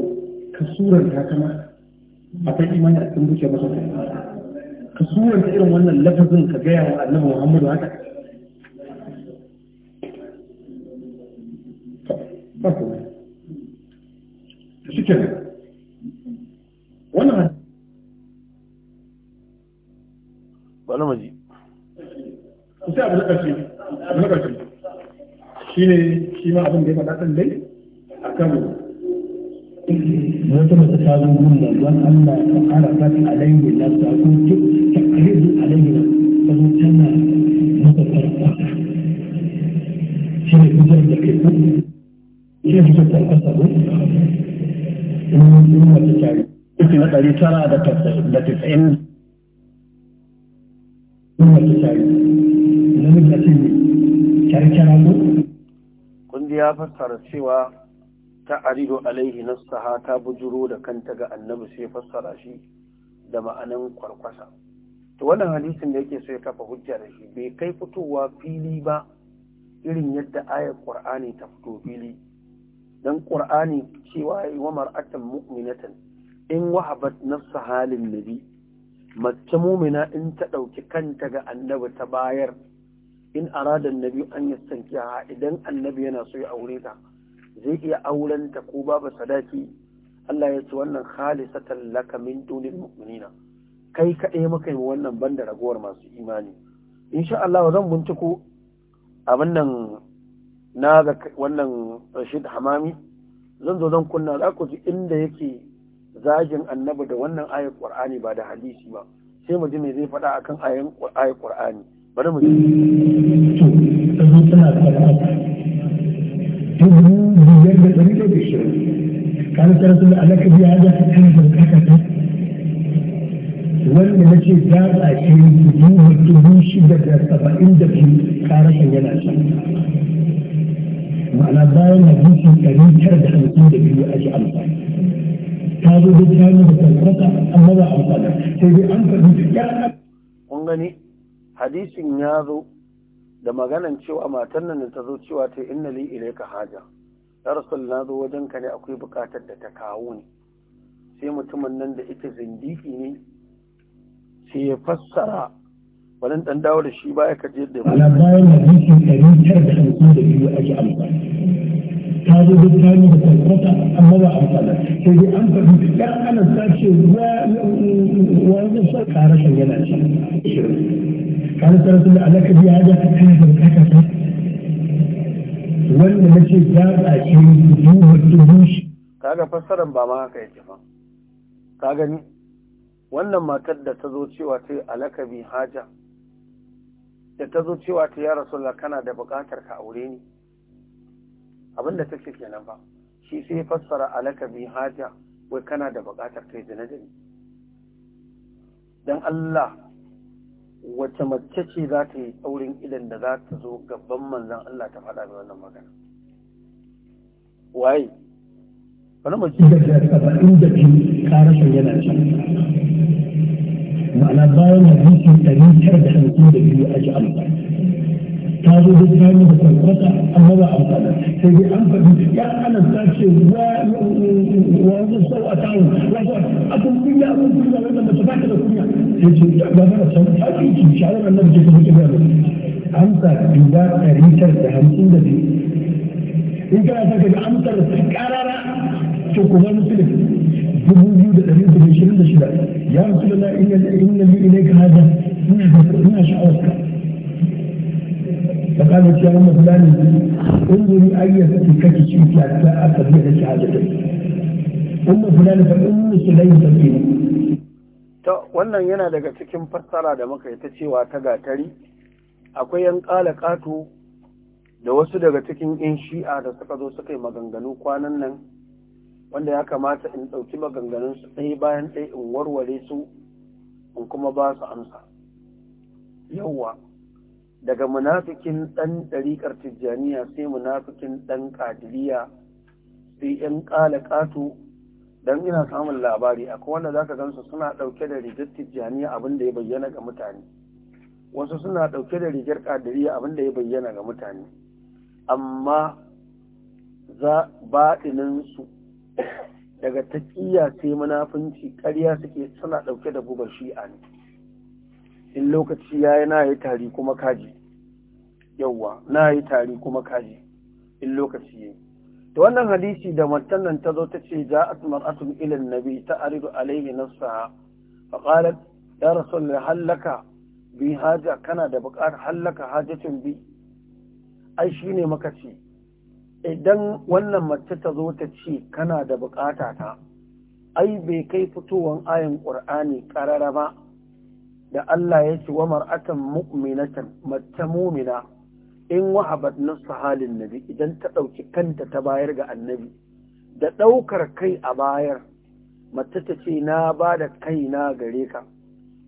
kasuran ta kama akwai imani a cikin zuciya masa ka suwanta irin wannan lafazin ka gaya wa annabi muhammadu haka shi ke wannan bala maji ku sai abu na ƙarshe abu na ƙarshe shi ne shi ma abin da ya faɗa ɗan dai a kan wata mata ta zo gun don Allah ta kara ta ta alayhi na ta ko ta takrizu alayhi na ta zo tana mata farfa shi ne kusa da kai ko shi ne kusa da kasa ko in mun wata tare yake na ɗari tara da tasa'in in wata tare namiji a ce ne kyarkyara ko kun ya fassara cewa ta arido alaihi nassaha ta bujuro da kanta ga annabi sai fassara shi da ma'anan kwarkwasa to wannan hadisin da yake so ya kafa hujja da shi bai kai fitowa fili ba irin yadda ayar qur'ani ta fito fili dan qur'ani cewa wa mar'atan mu'minatan in wahabat nafsa halin nabi mace mumina in ta ɗauki kanta ga annabi ta bayar in arada annabi an Ha idan annabi yana so ya aure zai iya aurenta ko babu sadaki Allah ya ce wannan khalisatan laka min dunil mu'minina kai kaɗai muka yi wannan banda ragowar masu imani insha Allah zan binciko abin nan na ga wannan Rashid Hamami zan zo zan kunna za ku ji inda yake zagin annabi da wannan ayar Qur'ani ba da hadisi ba sai mu ji me zai faɗa akan ayar Qur'ani bari mu ji فمثل بالشيء قالت يا biya الله لك بهذا كيف ta? wanda na ce za a ce dubu dubu shida da saba'in da biyu karashin yana can ma'ana bayan hadisi ɗari tara da hamsin da biyu ake amfani ta zo da tani da kwalkwata amma ba amfani sai dai an faɗi ya kun gani hadisin ya zo da maganan cewa matan nan ta zo cewa ta inna li ilaika haja ya rasu na zo wajenka ne akwai buƙatar da ta kawo ne sai mutumin nan da ita zindiki ne sai ya fassara wani ɗan dawo da shi baya ka je da ya bayan hadisin ɗari tara da hamsin da biyu ake amfani ta zo da tani da tabbata amma ba amfana sai dai an faɗi ɗan ana sace wani sa ƙarashin yana ci. Kana tarasu da alaƙa biya da kana da buƙatar wanda na ce ya tsaki duhar shi. kaga fassarar ba ma haka yake ba ka gani wannan matar da ta zo cewa ta yi alaka bi haja da ta zo cewa ta ya rasulullah kana da buƙatar ka aure ni abinda take kenan ba shi sai fassara alaka bi haja wai kana da buƙatar kai zina da Don dan Allah wace mace ce za ta yi tsaurin idan da za ta zo gaban manzan Allah ta faɗa mai wannan magana waye wani mace da saba'in da biyu karashin yana ci ma'ana bayan hadisi ɗari tara da hamsin da biyu a ji ta zo da ta yi da kwalkwata amma ba a faɗa sai dai an faɗi ya ana sace wa wasu sau a tawo wasu a kun kunya kun kunya wanda mace ba ta da kunya sai ce ba za a san haƙi ki shawarar nan da ta fi kiba da amsa duba ɗari tara da hamsin da biyu in kana sa ka ga amsar ƙarara ce kuma musulun dubu biyu da ɗari da shirin da shida ya musulun na inna ilai ka hada ina sha'awarka فقال يا أم فلان انظري أي فتكك شئت حتى أقضي لك حاجتك أم فلان فأم سليم سكينة to wannan yana daga cikin fassara da muka yi ta cewa ta gatari akwai yan ƙala ƙato da wasu daga cikin yan shi'a da suka zo suka yi maganganu kwanan nan wanda ya kamata in ɗauki maganganun su ɗaya bayan ɗaya in warware su in kuma ba su amsa yawwa daga munafikin ɗan ɗariƙar tijjaniya sai munafikin ɗan ƙadiriya sai ‘yan ƙala ƙato don ina samun labari a wanda za ka gansu suna ɗauke da rigar tijjaniya abin da ya bayyana ga mutane wasu suna ɗauke da rigar ƙadiriya abin da ya bayyana ga mutane amma za baɗininsu daga taƙiya sai munafunci ƙarya suke suna ɗauke da gubar shi'a ne in lokaci ya yi na yi tari kuma kaji yauwa na yi tari kuma kaji in lokaci ya ta da wannan hadisi da matan nan ta zo ta ce za a asmar atun ilin nabi ta aridu alaihi nafsa a ƙalar ya rasul hallaka bi haja kana da buƙatar hallaka hajjacin bi ai shi ne maka ce idan wannan mace ta zo ta ce kana da buƙata ta ai bai kai fitowan ayin ƙur'ani karara ba da Allah ya ce wa mar'atan mu'minatan matta mu'mina in wahabat nasu halin nabi idan ta ɗauki kanta ta bayar ga annabi da ɗaukar kai a bayar mace ta ce na bada da kai na gare ka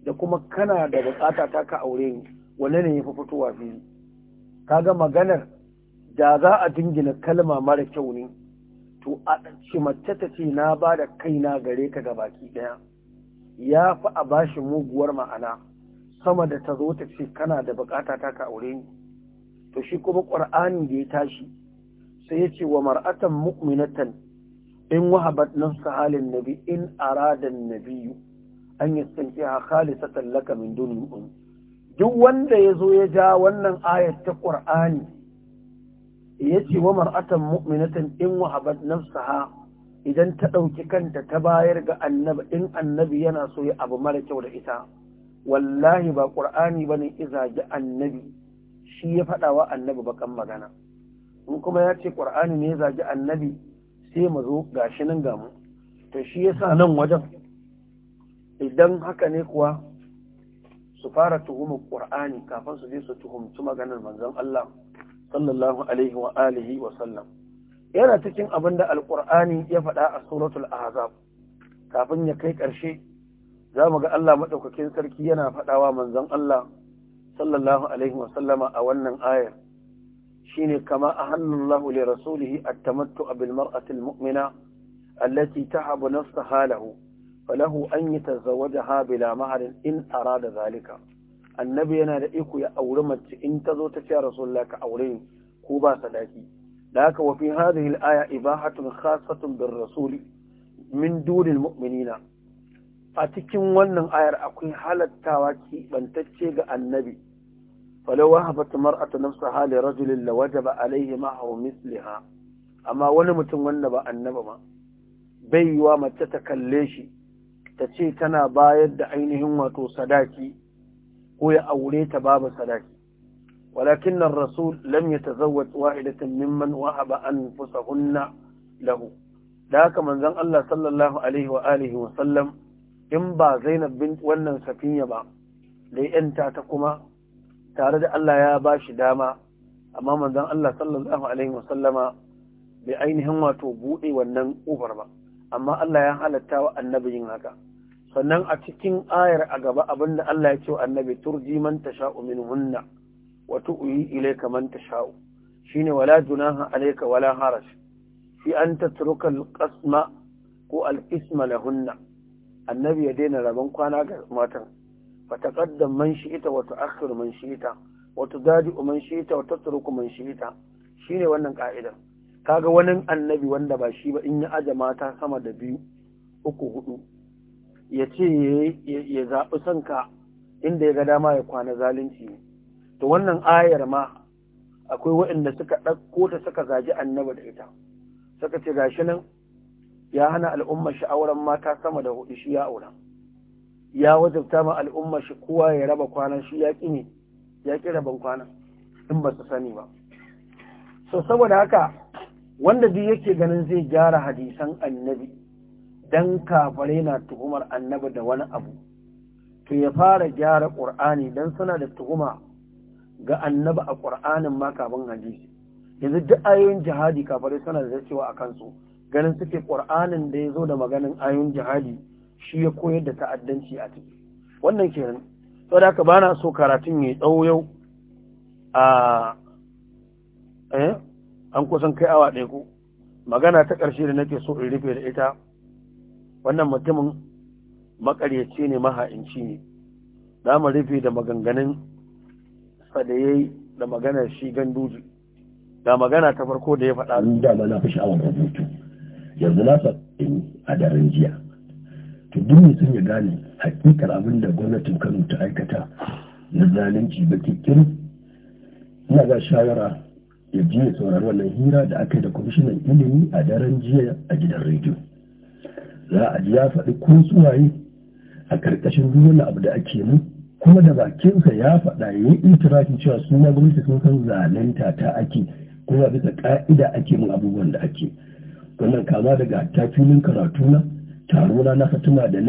da kuma kana da bukata ta ka aure ni wanne ne yafi fitowa fili kaga maganar da za a dingina kalma mara kyau ne to a ce mace ta ce na ba da kai na gare ka ga baki ɗaya ya fi a bashi muguwar ma'ana sama da ta zo ta ce kana da bukata ta ka aure ni to shi kuma qur'ani da ya tashi sai ya ce wa mar'atan mu'minatan in wahabat nafsa halin nabi in arada nabiyu an yastankiha khalisatan laka min dunin duk wanda ya zo ya ja wannan ayat ta qur'ani ya ce wa mar'atan mu'minatan in wahabat nafsaha idan ta ɗauki kanta ta bayar ga annabi in annabi yana so ya abu mara kyau da ita wallahi ba ƙur'ani ba ne izagi annabi shi ya faɗa wa annabi bakan magana in kuma ya ce ƙur'ani ne ya zagi annabi sai mu zo gashi nan ga mu to shi yasa nan wajen idan haka ne kuwa su fara tuhumar ƙur'ani kafin su je su tuhumci maganar manzon Allah sallallahu alaihi wa alihi wa sallam yana cikin abin da alkur'ani ya faɗa a suratul ahzab kafin ya kai ƙarshe za mu ga Allah maɗaukakin sarki yana faɗawa manzon Allah sallallahu alaihi wa sallama a wannan ayar shine kama ahallallahu li rasulihi at-tamattu bil mar'ati al-mu'mina allati tahabu nafsaha lahu falahu an yatazawwajaha bila mahrin in arada zalika annabi yana da iko ya aure mace in ta zo ta ce rasulullah ka aure ko ba sadaki da haka wa fi hadhihi al-aya ibahatun khassatun bir rasul min dunil mu'minina a cikin wannan ayar akwai halattawa ki bantacce ga annabi falau wahabat mar'atu nafsaha li rajulin lawajaba alayhi ma huwa misliha amma wani mutum wanda ba annaba ma bai yiwa mace ta kalle shi ta ce tana bayar da ainihin wato sadaki ko ya aure ta babu sadaki ولكن الرسول لم يتزوج واحدة ممن وهب أنفسهن له ذاك من ذن الله صلى الله عليه وآله وسلم إن با زينب بنت ونن سفينة با لأن تعتقما تارد الله يا باش داما أما من ذن الله صلى الله عليه وسلم بعينهم وتوبوئي ونن أوبر با أما الله يا حالتا والنبي هكا sannan a cikin ayar a gaba abinda Allah ya ce wa annabi turji man tasha'u minhunna wa tu'yi ilayka man tasha'u shine wala junaha alayka wala haraj fi an tatruka alqasma ko alisma lahunna annabi ya daina rabon kwana ga matan fa taqaddam man shi'ita wa tu'akhkhir man shi'ita wa tudadi'u man shi'ita wa tatruku man shi'ita shine wannan ka'idar kaga wani annabi wanda ba shi ba in ya aje mata sama da biyu uku hudu ya ce ya zaɓi ka. inda ya ga dama ya kwana zalunci ne to wannan ayar ma akwai waɗanda suka ɗauko ta suka zaji annaba da ita suka ce gashi nan ya hana al'umma shi auren mata sama da hudu shi ya aura ya wajabta ma al'umma shi kowa ya raba kwanan shi ya ƙi ya ƙi raban kwanan in ba su sani ba so saboda haka wanda duk yake ganin zai gyara hadisan annabi dan kafare na tuhumar annabi da wani abu to ya fara gyara ƙur'ani dan suna da tuhuma ga annaba a ƙur'anin ma kafin hadisi yanzu duk ayoyin jihadi kafare suna da cewa a kansu ganin suke ƙur'anin da ya zo da maganin ayoyin jihadi shi ya koyar da ta'addanci a ciki wannan kenan aka haka na so karatun ya tsawo yau a eh, an kusan kai awa ɗaya ko magana ta ƙarshe da nake so in rufe da ita wannan mutumin makaryaci ne maha'inci ne za mu rufe da maganganun sa da yayi da maganar shi ganduji da magana ta farko da ya faɗa ni da na fi sha'awar rubutu yanzu na sa a daren jiya to duk sun ya gane hakikar abin da gwamnatin Kano ta aikata na zalunci ba kikin ina ga shawara ya ji ya saurari wannan hira da aka yi da kwamishinan ilimi a daren jiya a gidan rediyo za a ji ya faɗi ko suwaye a ƙarƙashin duk wani abu da ake mu kuma da bakinsa ya faɗa ya yi itirafin cewa sun na gwamnati sun san zalunta ta ake kuma bisa ƙa'ida ake min abubuwan da ake wannan kama daga ta filin karatu na taro na na fatima da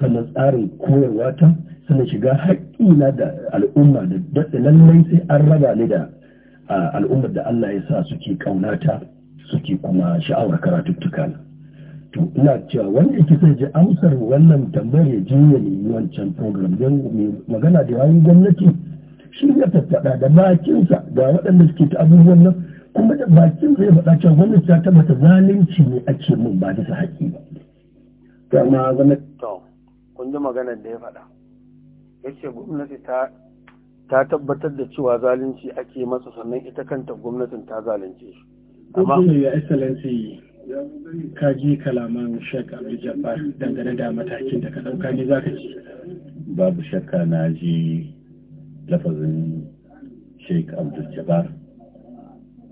sannan tsarin koyarwa ta sannan shiga haƙƙina da al'umma da lallai sai an raba ni da al'ummar da Allah ya sa suke ƙaunata suke kuma sha'awar karatuttuka na. to cewa wani yake sai ji amsar wannan tambayar ya je ya nemi wancan program don magana da yayin gwamnati shi ya tattaɗa da bakinsa ga waɗanda suke ta abubuwan nan kuma da bakin zai faɗa cewa gwamnati ta tabbata zalunci ne ake mun ba bisa haƙi ba. Kama gwamnati to kun ji maganar da ya faɗa. gwamnati ta ta tabbatar da cewa zalunci ake masa sannan ita kanta gwamnatin ta zalunce shi. Amma ya excellency ka ji kalaman shek abu dangane da matakin da ka ne za ka ci babu shakka na ji lafazin sheik abdul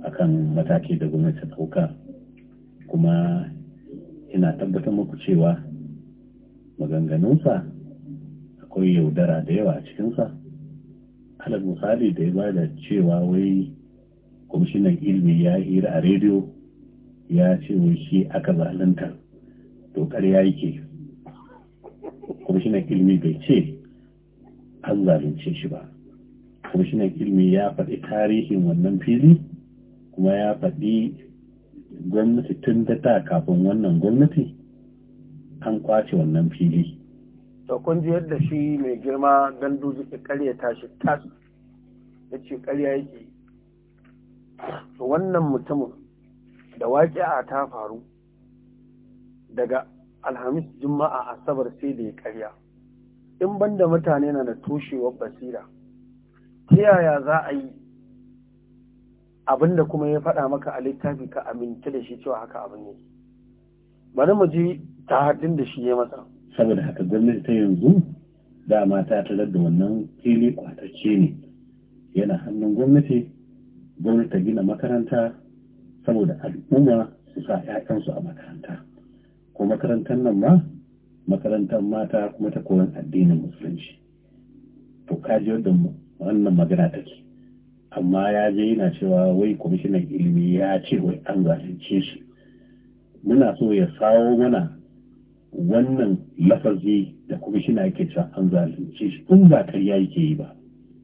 akan mataki da gwamnati ta kuma ina tabbatar muku cewa maganganunsa akwai yaudara da yawa a cikinsa alal misali da ya bada cewa wai kwamishinan ilimi ya hira a rediyo ya ce wai shi aka zalunta to ƙarya yake kuma shi ilimi bai ce an zalunce shi ba kuma shi ilimi ya faɗi tarihin wannan fili kuma ya faɗi gwamnati tun da ta kafin wannan gwamnati an kwace wannan fili to kun ji yadda shi mai girma gandu ya ta shi tas ya ce karya yake wannan mutumin da waƙi'a ta faru daga alhamis juma'a asabar sai da ya karya in banda mutane na da toshewar basira ta yaya za a yi abinda kuma ya faɗa maka a littafi ka aminta da shi cewa haka abin ne bari mu ji haɗin da shi ya masa saboda haka gwamnati ta yanzu dama ta tarar da wannan fili kwatacce ne yana hannun gwamnati gwamnati ta gina makaranta saboda al'umma su sa 'ya'yansu a makaranta ko makarantar nan ma makarantar mata kuma ta koyon addinin musulunci to kaji yadda wannan magana take amma ya je yana cewa wai kwamishinan ilimi ya ce wai an zalunce shi muna so ya sawo mana wannan lafazi da kwamishina yake cewa an zalunce shi in ba karya yake yi ba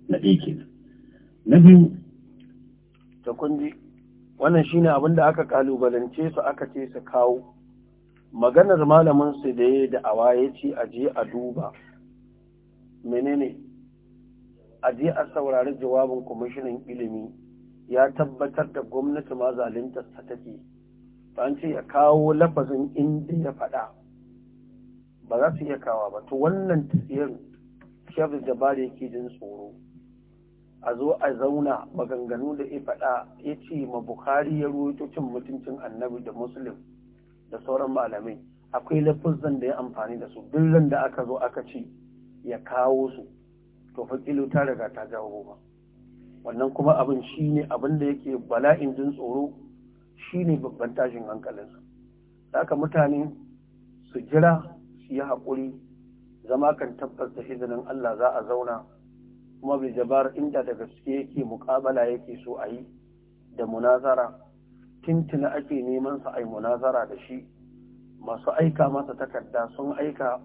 na ɗaya kenan na biyu kun wannan shine abin da aka kalubalance su aka ce su kawo maganar malamin su da ya da ya ce a je a duba menene a je a saurari jawabin kwamishinan ilimi ya tabbatar da gwamnati ma zaluntar ta take an ce ya kawo lafazin inda ya faɗa ba za su iya kawa ba to wannan tafiyar shafin da yake jin tsoro a zo a zauna maganganu da ya faɗa ya ce ma Bukhari ya ruwaito cin mutuncin annabi da Muslim da sauran malamai akwai lafuzan da ya amfani da su duk da aka zo aka ce ya kawo su to fa ta riga ta jawo ba wannan kuma abin shine abin da yake bala'in jin tsoro shine babban tashin hankalinsu haka mutane su jira su yi haƙuri zama kan tabbas da izinin Allah za a zauna kuma bai jabar inda da gaske yake muƙabala yake so a yi da munazara tintina ake neman sa ai munazara da shi masu aika masa takarda sun aika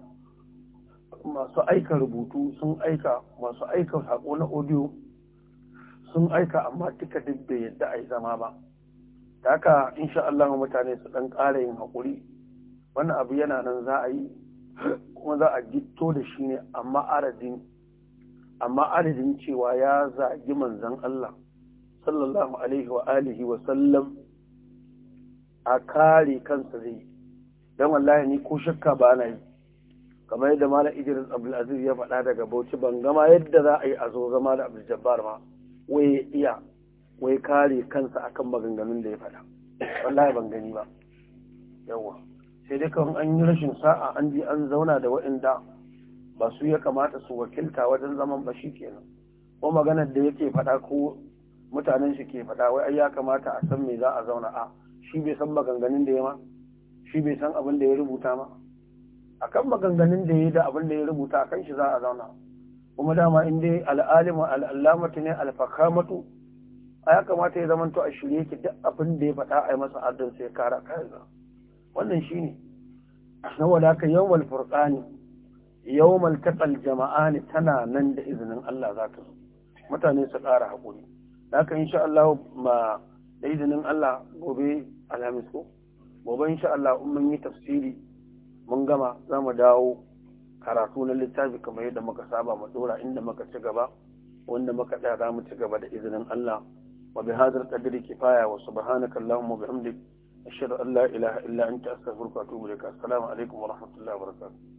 masu aika rubutu sun aika masu aika saƙo na audio sun aika amma tuka duk bai yadda a yi zama ba da haka insha Allah mutane su dan ƙara yin haƙuri wannan abu yana nan za a yi kuma za a gito da shi ne amma aradin amma adadin cewa ya zagi manzan Allah sallallahu alaihi wa alihi wa sallam a kare kansa zai don wallahi ni ko shakka ba na yi kamar yadda mala idris abdulaziz ya faɗa daga bauchi ban gama yadda za a yi a zo zama da abdul ma waye iya waye kare kansa akan maganganun da ya faɗa wallahi ban gani ba yawa sai dai kan an yi rashin sa'a an ji an zauna da waɗanda ba su ya kamata su wakilta wajen zaman ba shi kenan ko maganar da yake faɗa ko mutanen shi ke faɗa wai ai ya kamata a san me za a zauna a shi bai san maganganun da ya ma shi bai san abin da ya rubuta ma akan maganganun da ya da abin da ya rubuta akan shi za a zauna kuma dama in dai al'alimu al'allamatu ne alfakamatu a ya kamata ya zamanto a shirye ki duk abin da ya faɗa a yi masa adalci ya kara kayan wannan shine na wadaka yawal furqani yawmal taqal jama'ani tana nan da izinin Allah za ta zo mutane su ƙara haƙuri haka insha Allah ma da izinin Allah gobe alhamis ko gobe insha Allah mun yi tafsiri mun gama za mu dawo karatu na littafi kamar yadda muka saba mu dora inda muka ci gaba wanda muka tsaya za mu ci gaba da izinin Allah wa bi hadar qadri kifaya wa subhanaka allahumma bihamdik ashhadu an la ilaha illa anta astaghfiruka wa atubu ilaik assalamu alaikum wa rahmatullahi wa barakatuh